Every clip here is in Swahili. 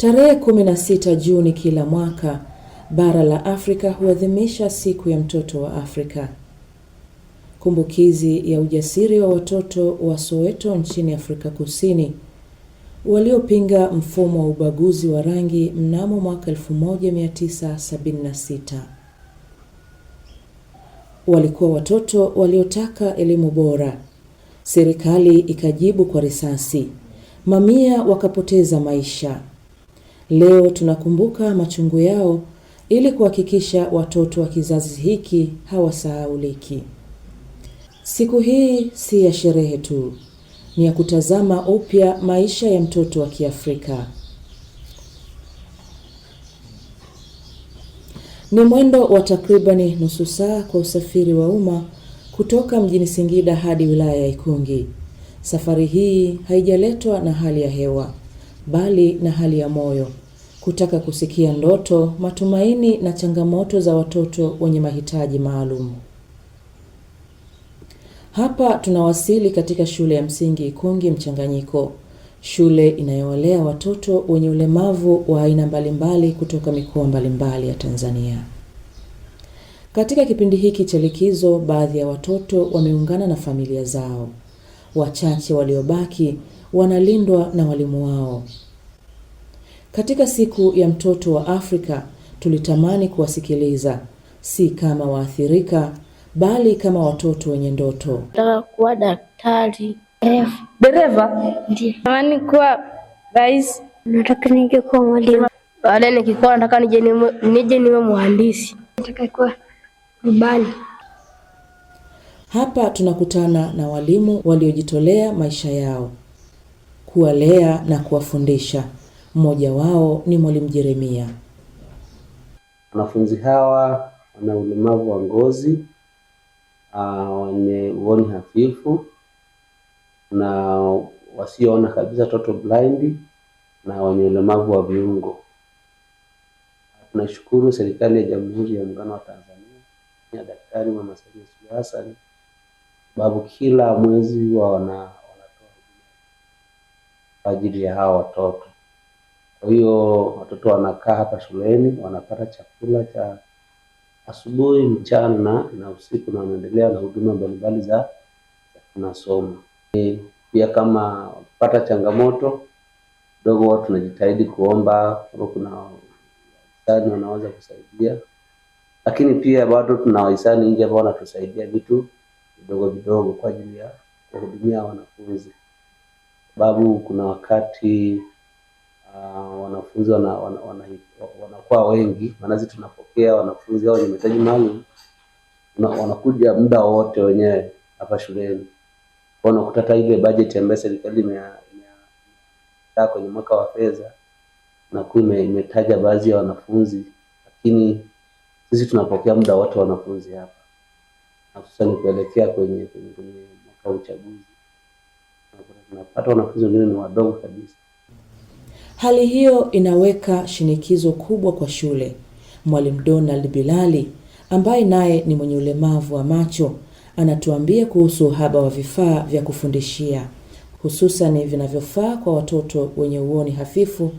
Tarehe 16 Juni kila mwaka bara la Afrika huadhimisha siku ya mtoto wa Afrika. Kumbukizi ya ujasiri wa watoto wa Soweto nchini Afrika Kusini waliopinga mfumo wa ubaguzi wa rangi mnamo mwaka 1976. Walikuwa watoto waliotaka elimu bora. Serikali ikajibu kwa risasi. Mamia wakapoteza maisha. Leo tunakumbuka machungu yao ili kuhakikisha watoto wa kizazi hiki hawasahauliki. Siku hii si ya sherehe tu, ni ya kutazama upya maisha ya mtoto wa Kiafrika. Ni mwendo wa takribani nusu saa kwa usafiri wa umma kutoka mjini Singida hadi wilaya ya Ikungi. Safari hii haijaletwa na hali ya hewa, bali na hali ya moyo kutaka kusikia ndoto, matumaini na changamoto za watoto wenye mahitaji maalum. Hapa tunawasili katika shule ya msingi Ikungi Mchanganyiko, shule inayowalea watoto wenye ulemavu wa aina mbalimbali kutoka mikoa mbalimbali ya Tanzania. Katika kipindi hiki cha likizo, baadhi ya watoto wameungana na familia zao, wachache waliobaki wanalindwa na walimu wao. Katika siku ya mtoto wa Afrika tulitamani kuwasikiliza si kama waathirika bali kama watoto wenye ndoto. Nataka kuwa daktari, dereva, natamani kuwa rais, nataka nije kuwa mwalimu, baadaye nikikuwa nataka nije niwe mhandisi, nataka kuwa rubani. Hapa tunakutana na walimu waliojitolea maisha yao kuwalea na kuwafundisha. Mmoja wao ni Mwalimu Jeremia. Wanafunzi hawa wana ulemavu wa ngozi, ah, wenye uoni hafifu na wasioona kabisa total blind, na wenye ulemavu wa viungo. Tunashukuru serikali ya Jamhuri ya Muungano wa Tanzania na Daktari Mama Samia Suluhu Hassan sababu kila mwezi wa wanatoa huduma kwa ajili ya hawa watoto. Kwa hiyo watoto wanakaa hapa shuleni, wanapata chakula cha asubuhi, mchana na usiku, na wanaendelea na huduma mbalimbali za tunasoma. Pia kama wakipata changamoto kidogo, wao tunajitahidi kuomba, kama kuna wahisani wanaweza kusaidia, lakini pia bado tuna wahisani nje ambao wanatusaidia vitu vidogo vidogo kwa ajili ya kuhudumia wanafunzi, sababu kuna wakati Ah, wanafunzi wana, wana, wana, wanakuwa wengi, maanake tunapokea wanafunzi hao wenye mahitaji maalum wanakuja muda wote wenyewe hapa shuleni, kwa unakuta hata ile bajeti ambayo serikali imekaa kwenye mwaka wa fedha na kuwa imetaja baadhi ya wanafunzi, lakini sisi tunapokea muda wote wanafunzi hapa hususani kuelekea kwenye mwaka wa uchaguzi tunapata wanafunzi wengine ni wadogo kabisa. Hali hiyo inaweka shinikizo kubwa kwa shule. Mwalimu Donald Bilali ambaye naye ni mwenye ulemavu wa macho anatuambia kuhusu uhaba wa vifaa vya kufundishia hususan vinavyofaa kwa watoto wenye uoni hafifu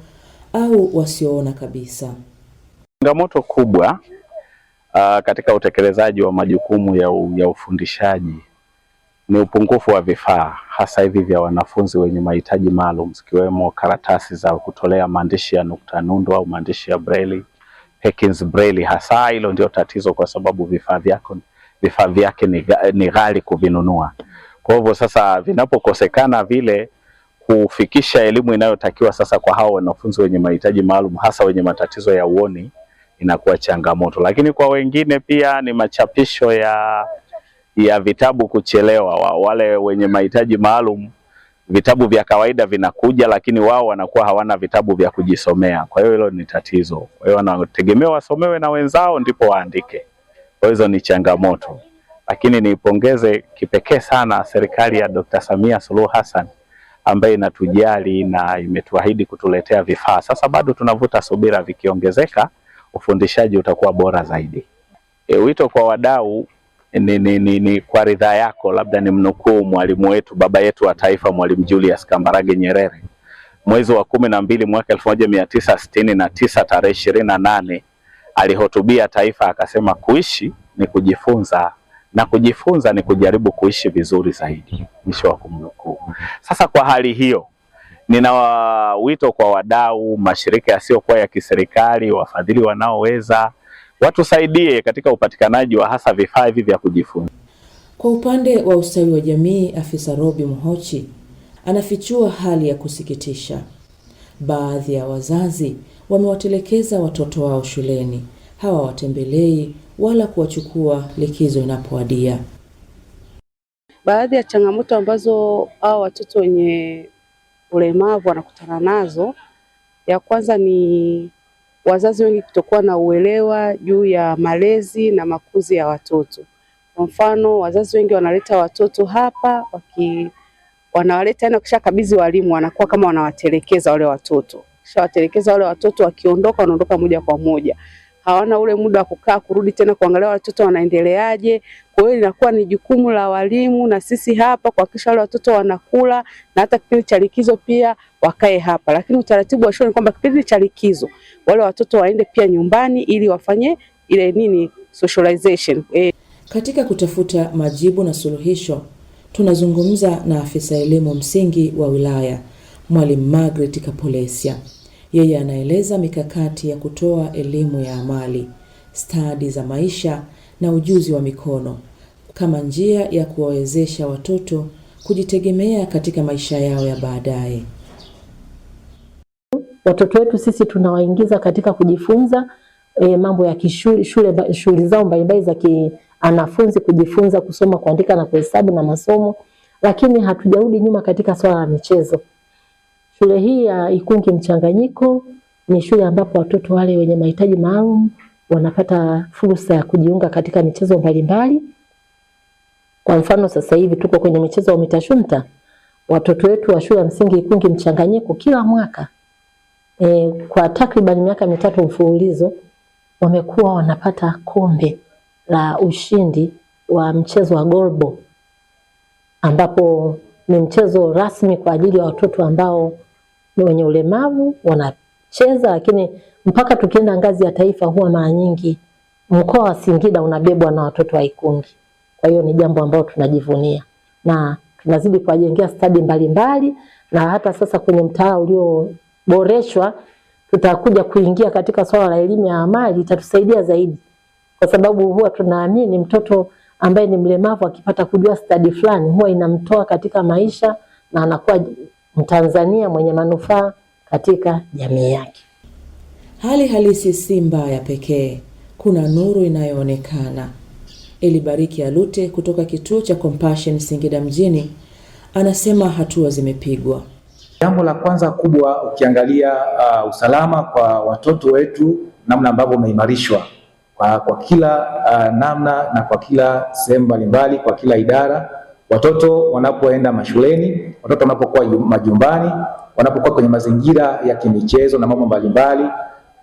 au wasioona kabisa. Changamoto kubwa uh, katika utekelezaji wa majukumu ya, u, ya ufundishaji ni upungufu wa vifaa hasa hivi vya wanafunzi wenye mahitaji maalum zikiwemo karatasi za kutolea maandishi ya nukta nundu au maandishi ya breli, Perkins Breli. Hasa hilo ndio tatizo, kwa sababu vifaa vyako vifaa vyake ni, ni ghali kuvinunua. Kwa hivyo sasa vinapokosekana vile kufikisha elimu inayotakiwa sasa kwa hao wanafunzi wenye mahitaji maalum hasa wenye matatizo ya uoni inakuwa changamoto, lakini kwa wengine pia ni machapisho ya ya vitabu kuchelewa. Wa, wale wenye mahitaji maalum vitabu vya kawaida vinakuja, lakini wao wanakuwa hawana vitabu vya kujisomea. Kwa hiyo hilo ni tatizo. Kwa hiyo wanategemea wasomewe na wenzao ndipo waandike. Kwa hizo ni changamoto, lakini niipongeze kipekee sana serikali ya Dr. Samia Suluhu Hassan ambaye inatujali na imetuahidi kutuletea vifaa. Sasa bado tunavuta subira, vikiongezeka ufundishaji utakuwa bora zaidi. E, wito kwa wadau ni, ni, ni, ni kwa ridhaa yako, labda ni mnukuu mwalimu wetu baba yetu wa taifa Mwalimu Julius Kambarage Nyerere mwezi wa kumi na mbili mwaka elfu moja mia tisa sitini na tisa tarehe ishirini na nane alihutubia taifa akasema, kuishi ni kujifunza na kujifunza ni kujaribu kuishi vizuri zaidi. Mwisho wa kumnukuu. Sasa kwa hali hiyo, nina wito kwa wadau, mashirika yasiyokuwa ya kiserikali, wafadhili wanaoweza watusaidie katika upatikanaji wa hasa vifaa hivi vya kujifunza. Kwa upande wa ustawi wa jamii, afisa Robi Mhochi anafichua hali ya kusikitisha. Baadhi ya wazazi wamewatelekeza watoto wao shuleni, hawawatembelei wala kuwachukua likizo inapowadia. Baadhi ya changamoto ambazo hao watoto wenye ulemavu wanakutana nazo, ya kwanza ni wazazi wengi kutokuwa na uelewa juu ya malezi na makuzi ya watoto. Kwa mfano, wazazi wengi wanaleta watoto hapa waki, wanawaleta na yaani kisha kabidhi walimu, wanakuwa kama wanawatelekeza wale watoto, kisha watelekeza wale watoto, wakiondoka wanaondoka moja kwa moja, hawana ule muda wa kukaa kurudi tena kuangalia watoto wanaendeleaje. Kwa hiyo linakuwa ni jukumu la walimu na sisi hapa kuhakikisha wale watoto wanakula na hata kipindi cha likizo pia wakae hapa, lakini utaratibu wa shule ni kwamba kipindi cha likizo wale watoto waende pia nyumbani ili wafanye ile nini socialization E, Katika kutafuta majibu na suluhisho, tunazungumza na afisa elimu msingi wa wilaya Mwalimu Margaret Kapolesia. Yeye anaeleza mikakati ya kutoa elimu ya amali, stadi za maisha na ujuzi wa mikono kama njia ya kuwawezesha watoto kujitegemea katika maisha yao ya baadaye. Watoto wetu sisi tunawaingiza katika kujifunza e, mambo ya kishule, shule zao mbalimbali za kianafunzi, kujifunza kusoma, kuandika na kuhesabu na masomo, lakini hatujarudi nyuma katika swala la michezo. Shule hii ya Ikungi Mchanganyiko ni shule ambapo watoto wale wenye mahitaji maalum wanapata fursa ya kujiunga katika michezo mbalimbali. Kwa mfano sasa hivi tuko kwenye michezo ya UMITASHUMTA, watoto wetu wa shule ya msingi Ikungi mchanganyiko kila mwaka e, kwa takriban miaka mitatu mfululizo wamekuwa wanapata kombe la ushindi wa mchezo wa golbo, ambapo ni mchezo rasmi kwa ajili ya watoto ambao ni wenye ulemavu wanacheza, lakini mpaka tukienda ngazi ya taifa huwa mara nyingi mkoa wa Singida unabebwa na watoto wa Ikungi. Kwa hiyo ni jambo ambalo tunajivunia na tunazidi kuwajengea stadi mbalimbali, na hata sasa kwenye mtaala ulioboreshwa tutakuja kuingia katika swala la elimu ya amali, itatusaidia zaidi, kwa sababu huwa tunaamini mtoto ambaye ni mlemavu akipata kujua stadi fulani huwa inamtoa katika maisha na anakuwa Mtanzania mwenye manufaa katika jamii yake. Hali halisi si mbaya pekee, kuna nuru inayoonekana. Elibariki Alute kutoka kituo cha Compassion Singida mjini anasema hatua zimepigwa. Jambo la kwanza kubwa, ukiangalia uh, usalama kwa watoto wetu, namna ambavyo umeimarishwa kwa, kwa kila uh, namna na kwa kila sehemu mbalimbali, kwa kila idara, watoto wanapoenda mashuleni, watoto wanapokuwa majumbani, wanapokuwa kwenye mazingira ya kimichezo na mambo mbalimbali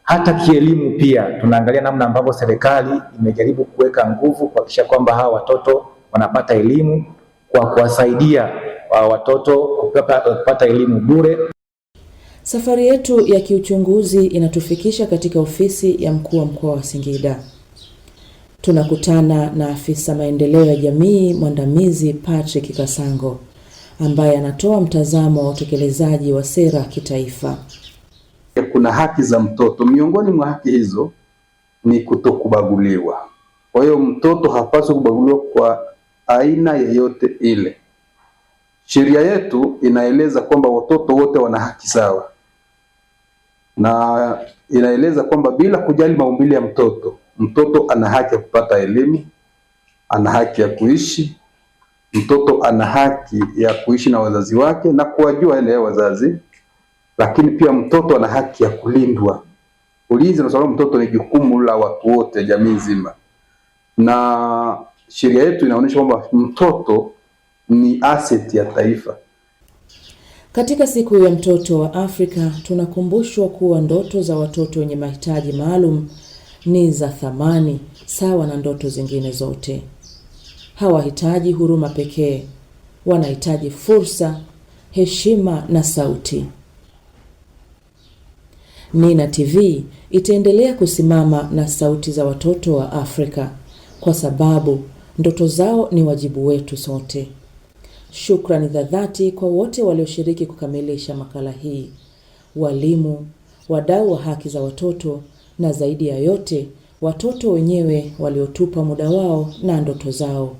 hata kielimu pia tunaangalia namna ambavyo serikali imejaribu kuweka nguvu kuhakikisha kwamba hawa watoto wanapata elimu kwa kuwasaidia ah, watoto kupata elimu bure. Safari yetu ya kiuchunguzi inatufikisha katika ofisi ya mkuu wa mkoa wa Singida. Tunakutana na afisa maendeleo ya jamii mwandamizi Patrick Kasango ambaye anatoa mtazamo wa utekelezaji wa sera kitaifa kuna haki za mtoto. Miongoni mwa haki hizo ni kutokubaguliwa. Kwa hiyo mtoto hapaswi kubaguliwa kwa aina yeyote ile. Sheria yetu inaeleza kwamba watoto wote wana haki sawa, na inaeleza kwamba bila kujali maumbile ya mtoto, mtoto ana haki ya kupata elimu, ana haki ya kuishi, mtoto ana haki ya kuishi na wazazi wake na kuwajua eneo wazazi lakini pia mtoto ana haki ya kulindwa. Ulinzi na usalama mtoto ni jukumu la watu wote, jamii nzima, na sheria yetu inaonyesha kwamba mtoto ni asset ya taifa. Katika siku ya mtoto wa Afrika tunakumbushwa kuwa ndoto za watoto wenye mahitaji maalum ni za thamani sawa na ndoto zingine zote. Hawahitaji huruma pekee, wanahitaji fursa, heshima na sauti. Nina TV itaendelea kusimama na sauti za watoto wa Afrika kwa sababu ndoto zao ni wajibu wetu sote. Shukrani za dhati kwa wote walioshiriki kukamilisha makala hii, walimu, wadau wa haki za watoto na zaidi ya yote watoto wenyewe waliotupa muda wao na ndoto zao.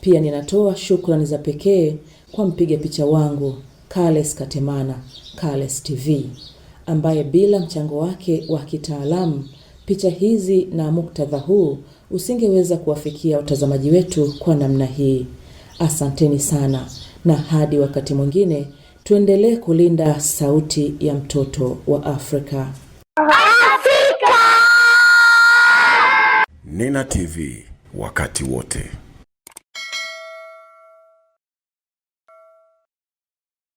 Pia ninatoa shukrani za pekee kwa mpiga picha wangu Kales Katemana, Kales TV ambaye bila mchango wake wa kitaalamu, picha hizi na muktadha huu usingeweza kuwafikia watazamaji wetu kwa namna hii. Asanteni sana na hadi wakati mwingine, tuendelee kulinda sauti ya mtoto wa Afrika. Afrika! Nina TV wakati wote.